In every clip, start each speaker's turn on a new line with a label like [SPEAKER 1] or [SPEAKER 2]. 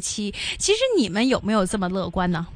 [SPEAKER 1] 其實你們有沒有這麼樂觀呢？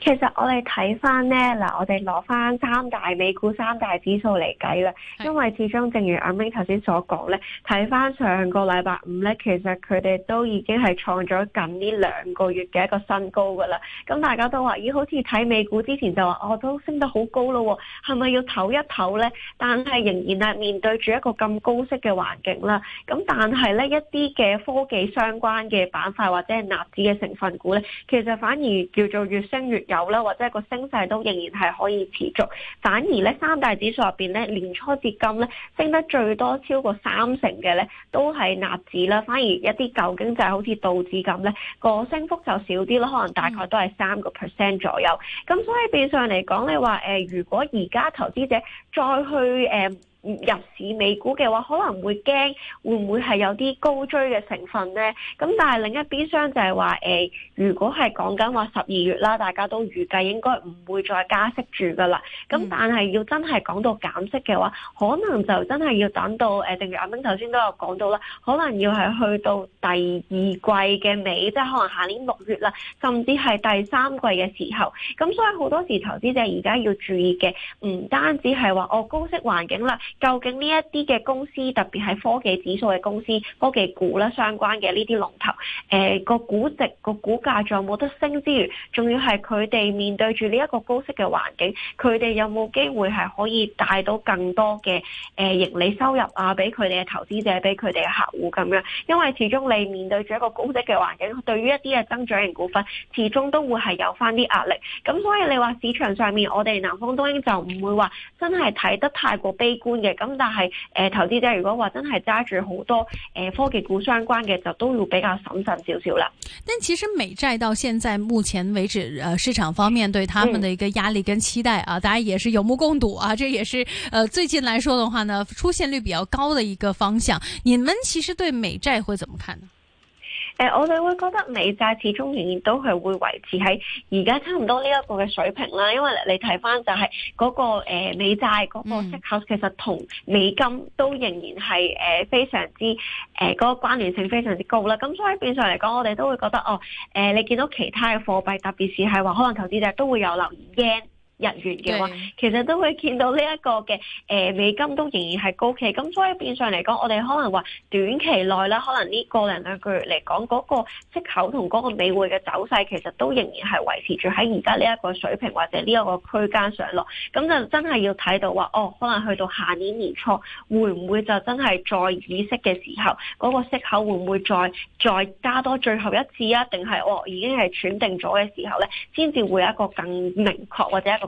[SPEAKER 1] 其實我哋睇翻
[SPEAKER 2] 呢，嗱我哋攞翻三大美股三大指數嚟計啦，的因為始終正如阿明頭先所講呢，睇翻上個禮拜五呢，其實佢哋都已經係創咗近呢兩個月嘅一個新高㗎喇。咁、嗯、大家都話，咦、呃、好似睇美股之前就話，我、哦、都升得好高咯，哦，係咪要唞一唞呢？但係仍然係面對住一個咁高息嘅環境啦。咁、嗯、但係呢，一啲嘅科技相關嘅板塊或者係納指嘅成分股呢，其實反而叫做越升越有啦，或者個升勢都仍然係可以持續。反而咧，三大指數入邊咧，年初至今咧升得最多超過三成嘅咧，都係納指啦。反而一啲舊經濟好似道指咁咧，個升幅就少啲咯。可能大概都係三個 percent 左右。咁所以變相嚟講你話誒、呃，如果而家投資者再去誒。呃入市美股嘅話，可能會驚，會唔會係有啲高追嘅成分呢？咁但係另一邊廂就係話，誒、呃，如果係講緊話十二月啦，大家都預計應該唔會再加息住噶啦。咁但係要真係講到減息嘅話，可能就真係要等到，誒、呃，正如阿 b e 頭先都有講到啦，可能要係去到第二季嘅尾，即係可能下年六月啦，甚至係第三季嘅時候。咁所以好多時投資者而家要注意嘅，唔單止係話哦，高息環境啦。究竟呢一啲嘅公司，特別係科技指數嘅公司、科技股啦，相關嘅呢啲龍頭，誒個估值、個股價仲有冇得升之餘，仲要係佢哋面對住呢一個高息嘅環境，佢哋有冇機會係可以帶到更多嘅誒盈利收入啊，俾佢哋嘅投資者，俾佢哋嘅客戶咁樣，因為始終你面對住一個高息嘅環境，對於一啲嘅增長型股份，始終都會係有翻啲壓力。咁所以你話市場上面，我哋南方東英就唔會話真係睇得太過悲觀。嘅咁，但係誒投資者如果話真係揸住好多誒科技股相關嘅，就都要比較審慎少少啦。
[SPEAKER 1] 但其實美債到現在目前為止，誒、呃、市場方面對他們的一個壓力跟期待啊，大家也是有目共睹啊。這也是誒、呃、最近來說的話呢，出現率比較高的一個方向。你們其實對美債會怎麼看呢？
[SPEAKER 2] 誒、呃，我哋會覺得美債始終仍然都係會維持喺而家差唔多呢一個嘅水平啦，因為你睇翻就係嗰、那個、呃、美債嗰個息口，其實同美金都仍然係誒、呃、非常之誒嗰、呃、那個關聯性非常之高啦。咁所以變相嚟講，我哋都會覺得哦，誒、呃、你見到其他嘅貨幣，特別是係話可能投資者都會有留意嘅。日
[SPEAKER 1] 元嘅話，
[SPEAKER 2] 其實都會見到呢一個嘅誒、呃、美金都仍然係高企，咁所以變相嚟講，我哋可能話短期內咧，可能呢個零兩個月嚟講，嗰、這個息口同嗰個美匯嘅走勢其實都仍然係維持住喺而家呢一個水平或者呢一個區間上落，咁就真係要睇到話，哦，可能去到下年年初，會唔會就真係再議息嘅時候，嗰、那個息口會唔會再再加多最後一次啊？定係哦已經係斷定咗嘅時候咧，先至會有一個更明確或者一個。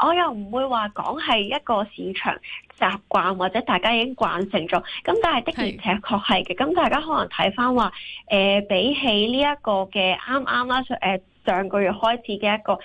[SPEAKER 2] 我又唔會話講係一個市場習慣，或者大家已經慣成咗。咁但係的而且確係嘅。咁是大家可能睇返話，誒、呃、比起呢一個嘅啱啱啦，誒。呃上個月開始嘅一個誒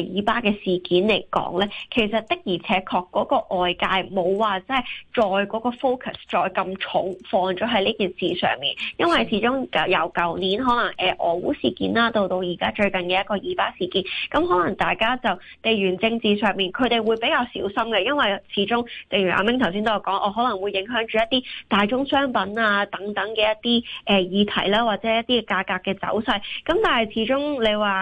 [SPEAKER 2] 以、呃、巴嘅事件嚟講咧，其實的而且確嗰、那個外界冇話即係再嗰個 focus 再咁重放咗喺呢件事上面，因為始終由舊年可能誒、呃、俄烏事件啦，到到而家最近嘅一個以巴事件，咁、嗯、可能大家就地緣政治上面佢哋會比較小心嘅，因為始終例如阿明頭先都有講，我、哦、可能會影響住一啲大宗商品啊等等嘅一啲誒、呃、議題啦，或者一啲價格嘅走勢，咁、嗯、但係始終你話。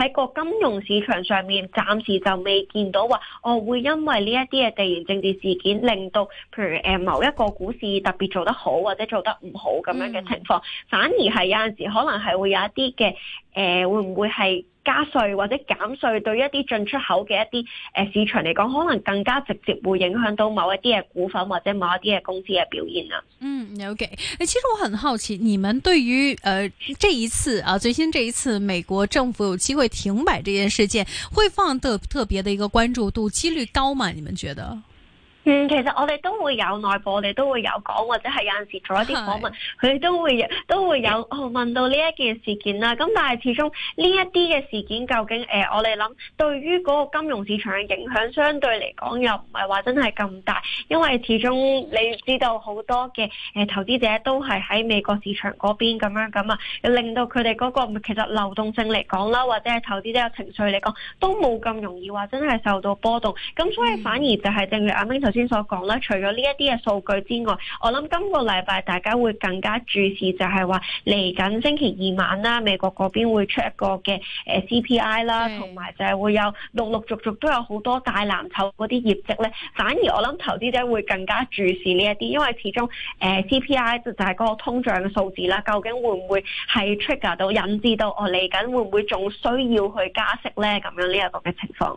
[SPEAKER 2] 喺個金融市場上面，暫時就未見到話，我、哦、會因為呢一啲嘅地緣政治事件，令到譬如誒某一個股市特別做得好或者做得唔好咁樣嘅情況，嗯、反而係有陣時可能係會有一啲嘅誒，會唔會係加稅或者減稅對於一啲進出口嘅一啲誒市場嚟講，可能更加直接會影響到某一啲嘅股份或者某一啲嘅公司嘅表現啊。
[SPEAKER 1] 嗯，o、okay. k 其實我很好奇，你們對於誒、呃、這一次啊，最新這一次美國政府有機會，停擺這件事件會放特特別的一個關注度，幾率高嗎？你們覺得？
[SPEAKER 2] 嗯，其實我哋都會有內部，我哋都會有講，或者係有陣時做一啲訪問，佢哋是都會都會有問到呢一件事件啦。咁但係始終呢一啲嘅事件，究竟誒、呃、我哋諗對於嗰個金融市場嘅影響，相對嚟講又唔係話真係咁大，因為始終你知道好多嘅誒、呃、投資者都係喺美國市場嗰邊咁樣咁啊，令到佢哋嗰個其實流動性嚟講啦，或者係投資者嘅情緒嚟講，都冇咁容易話真係受到波動。咁所以反而就係正如阿 Ben 頭先所講啦，除咗呢一啲嘅數據之外，我諗今個禮拜大家會更加注視就，就係話嚟緊星期二晚啦，美國嗰邊會出一個嘅誒 CPI 啦、嗯，同埋就係會有陸陸續續都有好多大藍籌嗰啲業績咧。反而我諗投資者會更加注視呢一啲，因為始終誒、呃、CPI 就係嗰個通脹嘅數字啦，究竟會唔會係 trigger 到引致到我嚟緊會唔會仲需要去加息咧？咁樣呢一、這個嘅情況。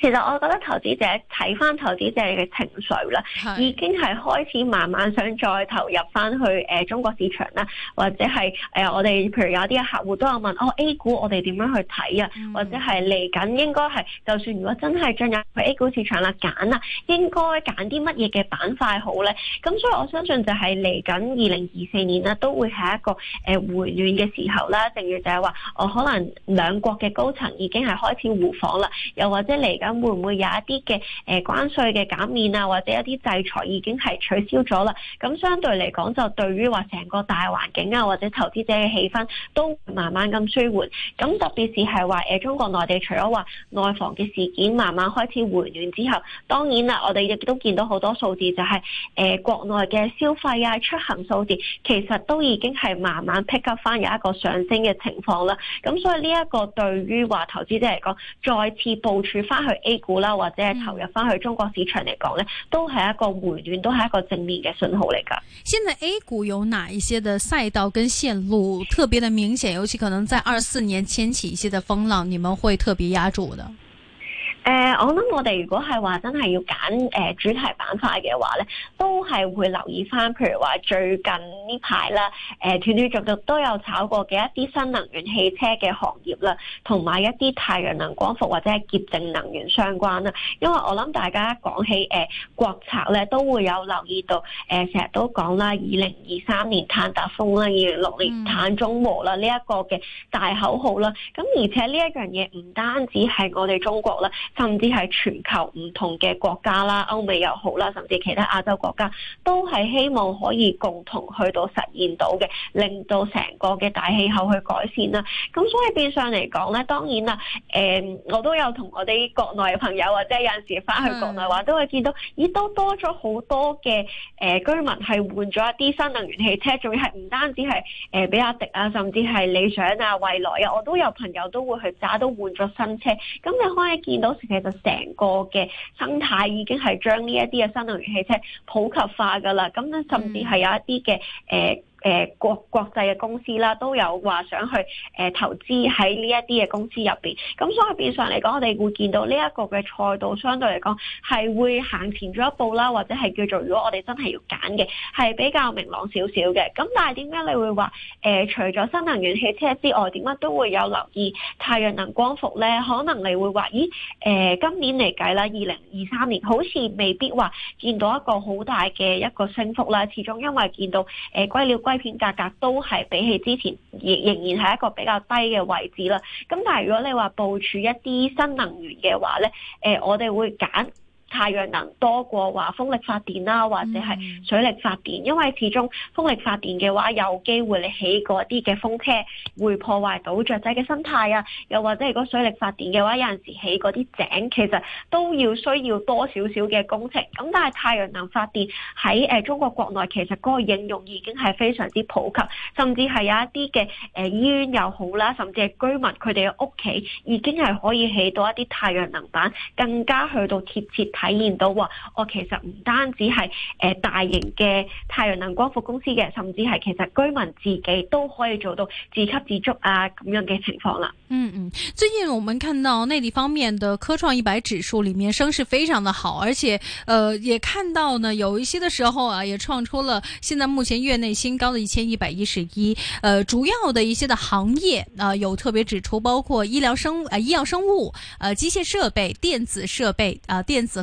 [SPEAKER 2] 其實我覺得投資者睇翻投資者嘅情緒啦，的已經係開始慢慢想再投入翻去誒、呃、中國市場啦，或者係誒、呃、我哋譬如有啲客戶都有問，哦 A 股我哋點樣去睇啊？嗯、或者係嚟緊應該係，就算如果真係進入去 A 股市場啦，揀啊，應該揀啲乜嘢嘅板塊好咧？咁所以我相信就係嚟緊二零二四年啦，都會係一個誒、呃、回暖嘅時候啦。另外、嗯、就係話，我可能兩國嘅高層已經係開始互訪啦，又或者嚟緊。會唔會有一啲嘅誒關稅嘅減免啊，或者一啲制裁已經係取消咗啦？咁相對嚟講，就對於話成個大環境啊，或者投資者嘅氣氛都慢慢咁舒緩。咁特別是係話誒中國內地除咗話內房嘅事件慢慢開始回暖之後，當然啦，我哋亦都見到好多數字，就是，就係誒國內嘅消費啊、出行數字，其實都已經係慢慢 pick up 翻，有一個上升嘅情況啦。咁所以呢一個對於話投資者嚟講，再次部署翻去。A 股啦，或者係投入翻去中國市場嚟講呢，都係一個回暖，都係一個正面嘅信號嚟㗎。
[SPEAKER 1] 現在 A 股有哪一些的賽道跟線路特別的明顯，尤其可能在二四年掀起一些的風浪，你們會特別壓住的？誒、呃，我諗我哋如果係話真係要
[SPEAKER 2] 揀誒、呃、主題板塊嘅話咧，都係會留意翻，譬如話最近呢排啦，誒斷斷續續都有炒過嘅一啲新能源汽車嘅行業啦，同埋一啲太陽能光伏或者係潔淨能源相關啦。因為我諗大家講起誒、呃、國策咧，都會有留意到，誒成日都講啦，二零二三年碳達峰啦，二零六年碳中和啦呢一、這個嘅大口號啦。咁而且呢一樣嘢唔單止係我哋中國啦。甚至係全球唔同嘅國家啦，歐美又好啦，甚至其他亞洲國家都係希望可以共同去到實現到嘅，令到成個嘅大氣候去改善啦。咁所以變相嚟講咧，當然啦，誒、呃、我都有同我哋國內嘅朋友或者有陣時翻去國內話，都會見到咦都多咗好多嘅誒、呃、居民係換咗一啲新能源汽車，仲要係唔單止係誒比亞迪啊，甚至係理想啊、蔚來啊，我都有朋友都會去揸到換咗新車，咁你可以見到。其實成個嘅生態已經係將呢一啲嘅新能源汽車普及化㗎喇，咁咧甚至係有一啲嘅誒、嗯呃誒國、呃、國際嘅公司啦，都有話想去誒、呃、投資喺呢一啲嘅公司入邊，咁、嗯、所以變相嚟講，我哋會見到呢一個嘅賽道，相對嚟講係會行前咗一步啦，或者係叫做如果我哋真係要揀嘅，係比較明朗少少嘅。咁但係點解你會話誒、呃、除咗新能源汽車之外，點解都會有留意太陽能光伏咧？可能你會話，咦誒、呃、今年嚟計啦，二零二三年好似未必話見到一個好大嘅一個升幅啦，始終因為見到誒、呃、歸了歸硅片價格都係比起之前，仍仍然係一個比較低嘅位置啦。咁但係如果你話部署一啲新能源嘅話咧，誒，我哋會揀。太陽能多過話風力發電啦、啊，或者係水力發電，因為始終風力發電嘅話有機會你起嗰啲嘅風車會破壞到雀仔嘅生態啊，又或者如果水力發電嘅話，有陣時起嗰啲井其實都要需要多少少嘅工程。咁但係太陽能發電喺誒中國國內其實嗰個應用已經係非常之普及，甚至係有一啲嘅誒醫院又好啦，甚至係居民佢哋嘅屋企已經係可以起到一啲太陽能板，更加去到貼切。體驗到話，我其實唔單止係誒大型嘅太陽能光伏公司嘅，甚至係其實居民自己都可以做到自給自足啊咁樣嘅情況啦。嗯嗯，
[SPEAKER 1] 最近我們看到內地方面的科創一百指數裡面聲勢非常的好，而且，呃，也看到呢有一些的時候啊，也創出了現在目前月內新高的一千一百一十一。呃，主要的一些的行業啊，有、呃、特別指出，包括醫療生物、啊，醫療生物、呃，機械設備、電子設備啊、呃，電子。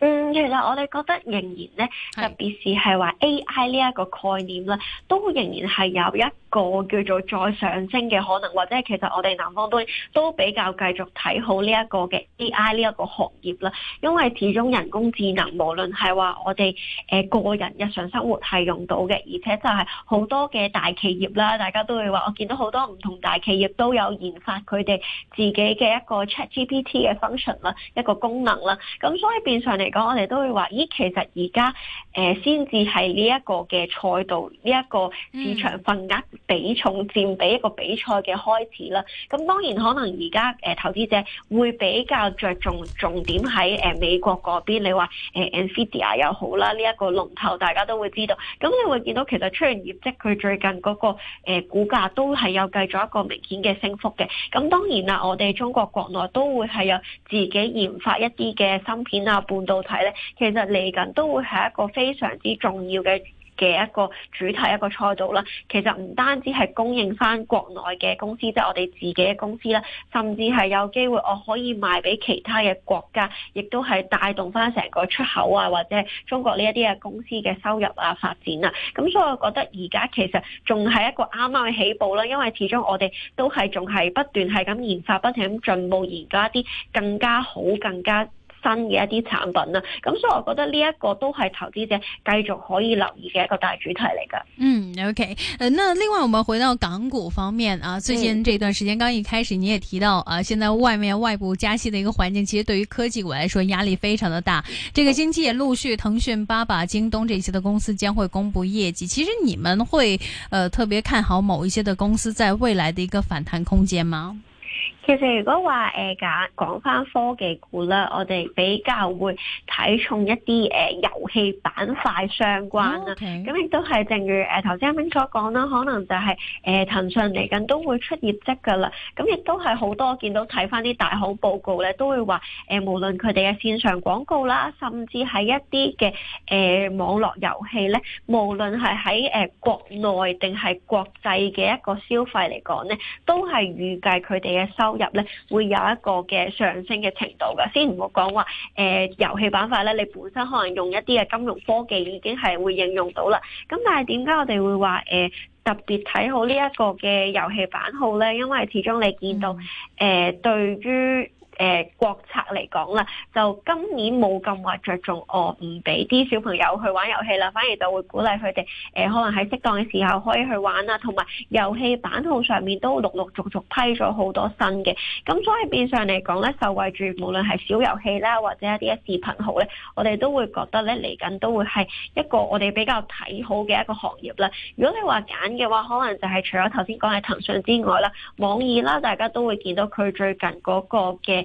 [SPEAKER 2] 嗯，其實我哋覺得仍然咧，是特別是係話 AI 呢一個概念咧，都仍然係有一個叫做再上升嘅可能，或者其實我哋南方都都比較繼續睇好呢一個嘅 AI 呢一個行業啦，因為始終人工智能無論係話我哋誒、呃、個人日常生活係用到嘅，而且就係好多嘅大企業啦，大家都會話我見到好多唔同大企業都有研發佢哋自己嘅一個 ChatGPT 嘅 function 啦，一個功能啦，咁所以變相嚟。嚟講，嗯、我哋都會話，咦，其實而家誒先至係呢一個嘅賽道，呢、呢、一個市場份額比重佔比一個比賽嘅開始啦。咁當然可能而家誒投資者會比較着重重點喺誒美國嗰邊。你話誒 Nvidia 又好啦，呢、呢、一個龍頭，大家都會知道。咁你會見到其實出完業績，佢最近嗰個誒股價都係有計咗一個明顯嘅升幅嘅。咁當然啦，我哋中國國內都會係有自己研發一啲嘅芯片啊、半導。睇咧，其實嚟緊都會係一個非常之重要嘅嘅一個主題、一個賽道啦。其實唔單止係供應翻國內嘅公司，即係我哋自己嘅公司啦，甚至係有機會我可以賣俾其他嘅國家，亦都係帶動翻成個出口啊，或者中國呢一啲嘅公司嘅收入啊、發展啊。咁所以我覺得而家其實仲係一個啱啱嘅起步啦，因為始終我哋都係仲係不斷係咁研發，不停咁進步，研究一啲更加好、更加新嘅一啲產品啦，咁所以我覺得呢一個都係投資者繼續可以留意嘅一個大主題嚟㗎。嗯
[SPEAKER 1] ，OK，誒，那另外我們回到港股方面啊，最近這段時間，剛一開始你也提到啊，現在外面外部加息嘅一個環境，其實對於科技股來說壓力非常嘅大。這個星期也陸續，騰訊、巴巴、京東這些的公司將會公布業績。其實你們會誒、呃、特別看好某一些的公司在未來的一個反彈空間嗎？
[SPEAKER 2] 其實如果話，誒揀講翻科技股啦，我哋比較會睇重一啲誒、呃、遊戲板塊相關啦。咁亦 Okay. 都係正如誒頭先阿明所講啦，可能就係、是、誒、呃、騰訊嚟緊都會出業績噶啦。咁亦都係好多見到睇翻啲大行報告咧，都會話誒、呃、無論佢哋嘅綫上廣告啦，甚至係一啲嘅誒網絡遊戲咧，無論係喺誒國內定係國際嘅一個消費嚟講咧，都係預計佢哋嘅收。入咧會有一個嘅上升嘅程度噶，先唔好講話。誒、呃，遊戲板塊咧，你本身可能用一啲嘅金融科技已經係會應用到啦。咁但係點解我哋會話誒、呃、特別睇好呢一個嘅遊戲板號咧？因為始終你見到誒、呃、對於。誒、呃、國策嚟講啦，就今年冇咁話着重哦，唔俾啲小朋友去玩遊戲啦，反而就會鼓勵佢哋誒，可能喺適當嘅時候可以去玩啦。同埋遊戲版號上面都陸陸續續批咗好多新嘅，咁所以變相嚟講咧，受惠住無論係小遊戲啦，或者一啲嘅視頻號咧，我哋都會覺得咧嚟緊都會係一個我哋比較睇好嘅一個行業啦。如果你話揀嘅話，可能就係除咗頭先講嘅騰訊之外啦，網易啦，大家都會見到佢最近嗰個嘅。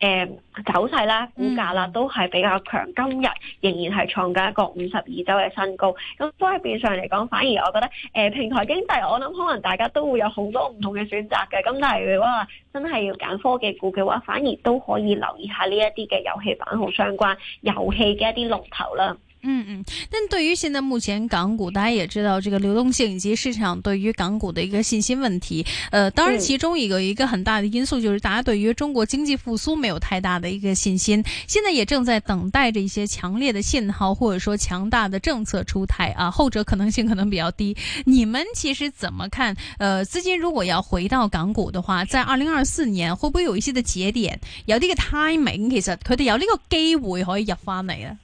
[SPEAKER 2] 誒、嗯、走勢啦，股價啦都係比較強。嗯、今日仍然係創緊一個五十二周嘅新高。咁所以變相嚟講，反而我覺得誒、呃、平台經濟，我諗可能大家都會有好多唔同嘅選擇嘅。咁但係如果話真係要揀科技股嘅話，反而都可以留意下呢一啲嘅遊戲版號相關遊戲嘅一啲龍頭啦。嗯
[SPEAKER 1] 嗯，咁、嗯、對於現在目前港股，大家也知道，這個流動性以及市場對於港股嘅一個信心問題。誒、呃，當然其中一個一個很大的因素，就是大家對於中國經濟復甦有太大的一個信心，現在也正在等待着一些強烈的信號，或者說強大的政策出台啊。後者可能性可能比較低。你們其實怎麼看？呃，資金如果要回到港股的話，在二零二四年會不會有一些的節點有呢個 timing？其實佢哋有呢個機會可以入翻嚟啊。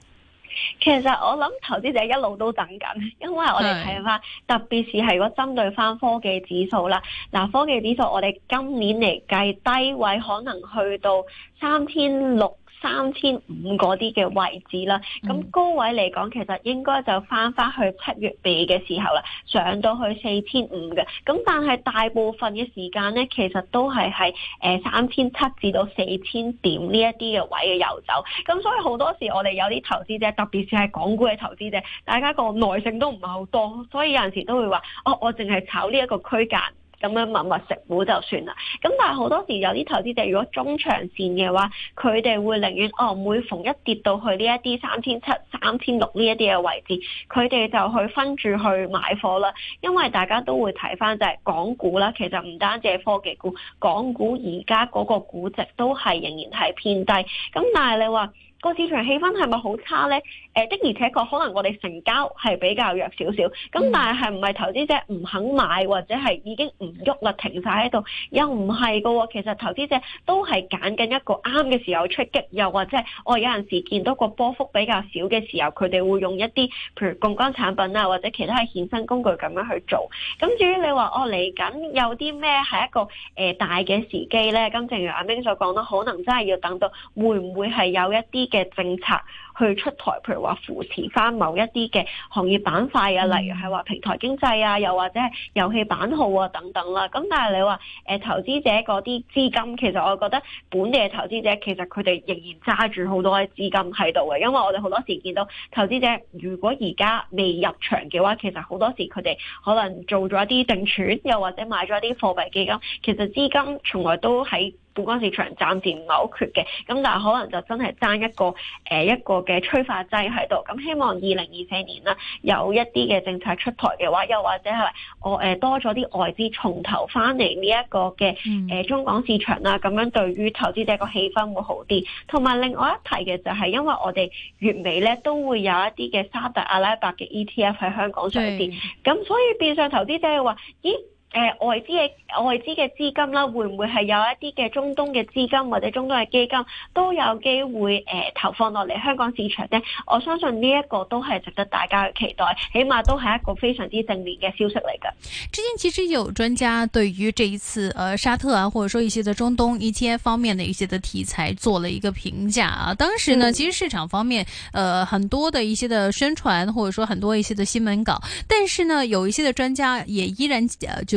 [SPEAKER 2] 其實我諗投資者一路都等緊，因為我哋睇翻，是特別是係如果針對翻科技指數啦，嗱，科技指數我哋今年嚟計低位可能去到三千六。三千五嗰啲嘅位置啦，咁高位嚟講，其實應該就翻翻去七月尾嘅時候啦，上到去四千五嘅。咁但係大部分嘅時間咧，其實都係喺誒三千七至到四千點呢一啲嘅位嘅游走，咁所以好多時我哋有啲投資者，特別是係港股嘅投資者，大家個耐性都唔係好多，所以有陣時都會話，哦，我淨係炒呢一個區間。咁樣默默食股就算啦。咁但係好多時有啲投資者，如果中長線嘅話，佢哋會寧願哦，每逢一跌到去呢一啲三千七、三千六呢一啲嘅位置，佢哋就去分住去買貨啦。因為大家都會睇返就係港股啦，其實唔單止係科技股，港股而家嗰個估值都係仍然係偏低。咁但係你話，個市場氣氛係咪好差呢？誒、呃，的而且確可能我哋成交係比較弱少少，咁但係係唔係投資者唔肯買或者係已經唔喐啦停晒喺度？又唔係噶，其實投資者都係揀緊一個啱嘅時候出擊，又或者我、哦、有陣時見到個波幅比較少嘅時候，佢哋會用一啲譬如槓桿產品啊或者其他嘅衍生工具咁樣去做。咁至於你話我嚟緊有啲咩係一個誒、呃、大嘅時機呢？咁正如阿明所講啦，可能真係要等到會唔會係有一啲？嘅政策去出台，譬如話扶持翻某一啲嘅行業板塊啊，例如係話平台經濟啊，又或者係遊戲板號啊等等啦、啊。咁但係你話誒、呃、投資者嗰啲資金，其實我覺得本地嘅投資者其實佢哋仍然揸住好多嘅資金喺度嘅，因為我哋好多時見到投資者如果而家未入場嘅話，其實好多時佢哋可能做咗一啲定存，又或者買咗一啲貨幣基金，其實資金從來都喺。本港市場暫時唔係好缺嘅，咁但係可能就真係爭一個誒、呃、一個嘅催化劑喺度。咁希望二零二四年啦，有一啲嘅政策出台嘅話，又或者係我誒多咗啲外資重頭翻嚟呢一個嘅誒中港市場啦，咁、嗯、樣對於投資者個氣氛會好啲。同埋另外一提嘅就係，因為我哋月尾咧都會有一啲嘅沙特阿拉伯嘅 ETF 喺香港上市，咁是所以變相投資者話：咦？誒、呃，外資嘅外資嘅資金啦，會唔會係有一啲嘅中東嘅資金或者中東嘅基金都有機會誒、呃、投放落嚟香港市場呢？我相信呢一個都係值得大家去期待，
[SPEAKER 1] 起碼都係一個非常之正面嘅消息嚟噶。之前其實有專家對於這一次，誒、呃、沙特啊，或者說一些嘅中東一些方面的一些嘅題材做了一個評價啊。當時呢，其實市場方面，誒、呃、很多的一些嘅宣傳，或者說很多一些嘅新聞稿，但是呢，有一些嘅專家也依然、呃、就。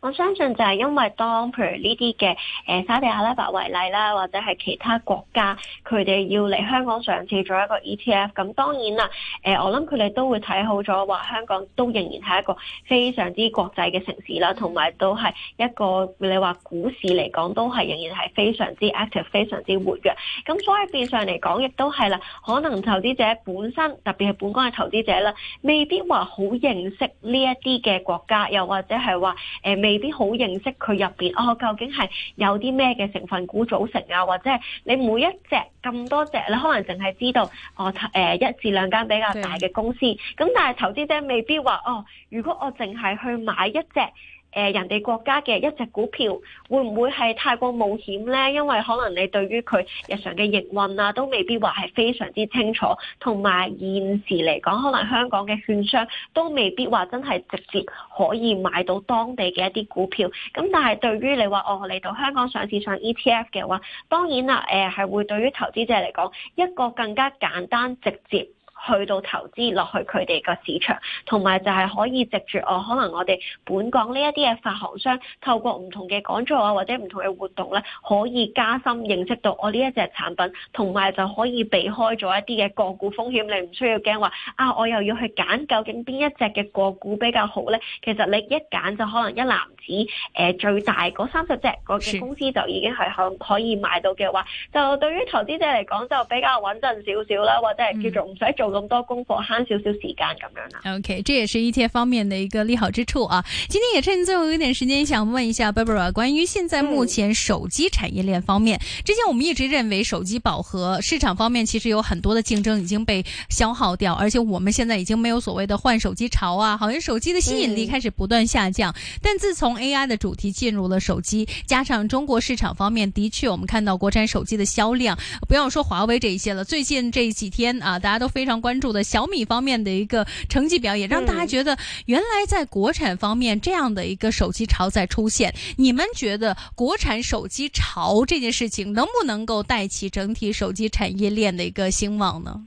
[SPEAKER 2] 我相信就係因為當譬如呢啲嘅誒沙地阿拉伯為例啦，或者係其他國家，佢哋要嚟香港上市做一個 ETF，咁當然啦，誒、呃、我諗佢哋都會睇好咗，話香港都仍然係一個非常之國際嘅城市啦，同埋都係一個你話股市嚟講都係仍然係非常之 active、非常之活躍，咁所以變相嚟講亦都係啦，可能投資者本身特別係本港嘅投資者啦，未必話好認識呢一啲嘅國家，又或者係話誒。呃未必好認識佢入邊哦，究竟係有啲咩嘅成分股組成啊，或者係你每一隻咁多隻，你可能淨係知道哦誒、呃、一至兩間比較大嘅公司，咁的但係投資者未必話哦，如果我淨係去買一隻。誒人哋國家嘅一隻股票會唔會係太過冒險呢？因為可能你對於佢日常嘅營運啊，都未必話係非常之清楚。同埋現時嚟講，可能香港嘅券商都未必話真係直接可以買到當地嘅一啲股票。咁但係對於你話哦你到香港上市上 ETF 嘅話，當然啦，誒係會對於投資者嚟講一個更加簡單直接。去到投資落去佢哋個市場，同埋就係可以藉住我可能我哋本港呢一啲嘅發行商，透過唔同嘅講座啊或者唔同嘅活動咧，可以加深認識到我呢一隻產品，同埋就可以避開咗一啲嘅個股風險。你唔需要驚話啊，我又要去揀究竟邊一隻嘅個股比較好咧。其實你一揀就可能一籃子誒、呃、最大嗰三十隻個嘅公司就已經係可可以買到嘅話，就對於投資者嚟講就比較穩陣少少啦，或者係叫做唔使做咁多功課，慳少
[SPEAKER 1] 少時間咁樣呢 OK，這也是一切方面的一個利好之處啊。今天也趁最後一點時間，想問一下 Barbara 關於現在目前手機產業鏈方面，之前我們一直認為手機飽和市場方面，其實有很多的競爭已經被消耗掉，而且我們現在已經沒有所謂的換手機潮啊，好像手機的吸引力開始不斷下降。但自從 AI 的主題進入了手機，加上中國市場方面的確，我們看到國產手機的銷量，不要說華為這一些了，最近這幾天啊，大家都非常。關注的小米方面的一個成績表演，讓大家覺得原來在國產方面這樣的一個手機潮在出現。你們覺得國產手機潮這件事情，能不能夠帶起整體手機產業鏈的一個興旺呢？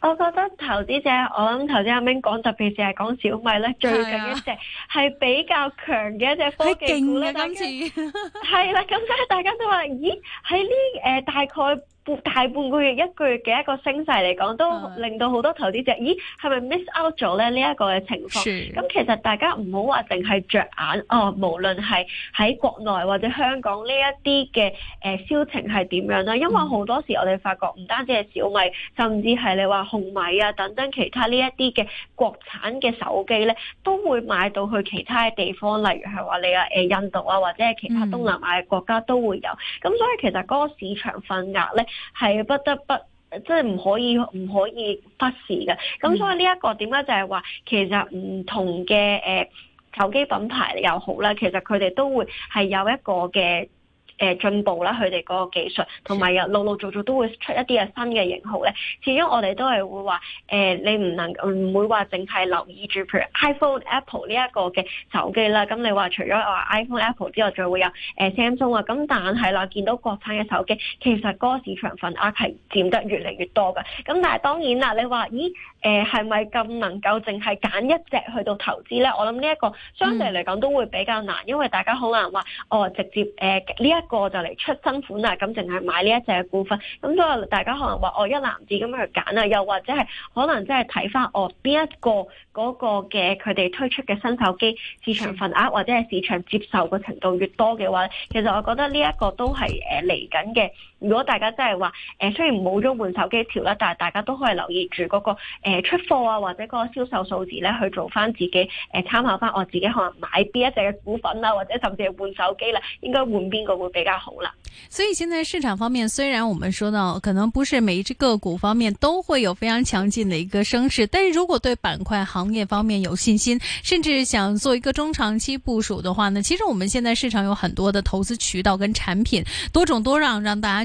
[SPEAKER 1] 我覺得投資者，我諗頭先阿明
[SPEAKER 2] 講，特別是係講小米咧，最近一隻係比較強嘅一隻科技股啦，係啦，咁所以大家都話，咦，喺呢誒大概。大半個月一個月嘅一個升勢嚟講，都令到好多投資者，咦係咪 miss out 咗咧？呢、這、一個嘅情況，咁是其實大家唔好話淨係着眼哦，無論係喺國內或者香港呢一啲嘅誒銷情係點樣啦，因為好多時我哋發覺唔單止係小米，甚至係你話紅米啊等等其他呢一啲嘅國產嘅手機咧，都會賣到去其他嘅地方，例如係話你啊誒、呃、印度啊或者係其他東南亞嘅國家都會有，咁、嗯、所以其實嗰個市場份額咧。係不得不，即係唔可以唔可以忽視嘅。咁所以呢一個點解，就係、是、話其實唔同嘅誒、呃、手機品牌又好啦，其實佢哋都會係有一個嘅。誒進步啦，佢哋嗰個技術，同埋又陸陸續續都會出一啲嘅新嘅型號咧。始終我哋都係會話，誒、呃、你唔能唔、呃、會話淨係留意住譬如 iPhone Apple 呢一個嘅手機啦。咁你話除咗話 iPhone Apple 之外，仲會有誒、呃、Samsung 啊。咁但係啦，見到國產嘅手機，其實個市場份額係佔得越嚟越多㗎。咁但係當然啦，你話咦誒係咪咁能夠淨係揀一隻去到投資咧？我諗呢一個相對嚟講都會比較難，嗯、因為大家好難話哦、呃、直接誒呢、呃、一。一個就嚟出新款喇，咁淨係買呢一隻股份，咁所以大家可能話我、哦、一籃子咁去揀啊，又或者係可能即係睇翻我邊一個嗰個嘅佢哋推出嘅新手機市場份額或者係市場接受嘅程度越多嘅話，其實我覺得呢一個都係誒嚟緊嘅。呃如果大家真係話，誒、呃、雖然冇咗換手機潮啦，但係大家都可以留意住嗰、那個、呃、出貨啊，或者嗰個銷售數字咧，去做翻自己誒、呃、參考翻，我自己可能買邊一隻嘅股份啦、啊，或者甚至係換手機啦，應該換邊個會比較好啦。
[SPEAKER 1] 所以現在市場方面，雖然我們說到可能不是每一隻個股方面都會有非常強勁的一個升勢，但是如果對板塊、行業方面有信心，甚至想做一個中長期部署的話呢，其實我們現在市場有很多的投資渠道跟產品，多種多樣，讓大家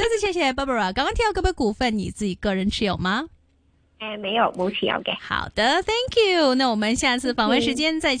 [SPEAKER 1] 再次謝謝 Barbara，剛剛提到個別股份，你自己個人持有嗎？誒、呃，沒有，冇持有嘅。好的，Thank you。那我們下次訪問時間再見。嗯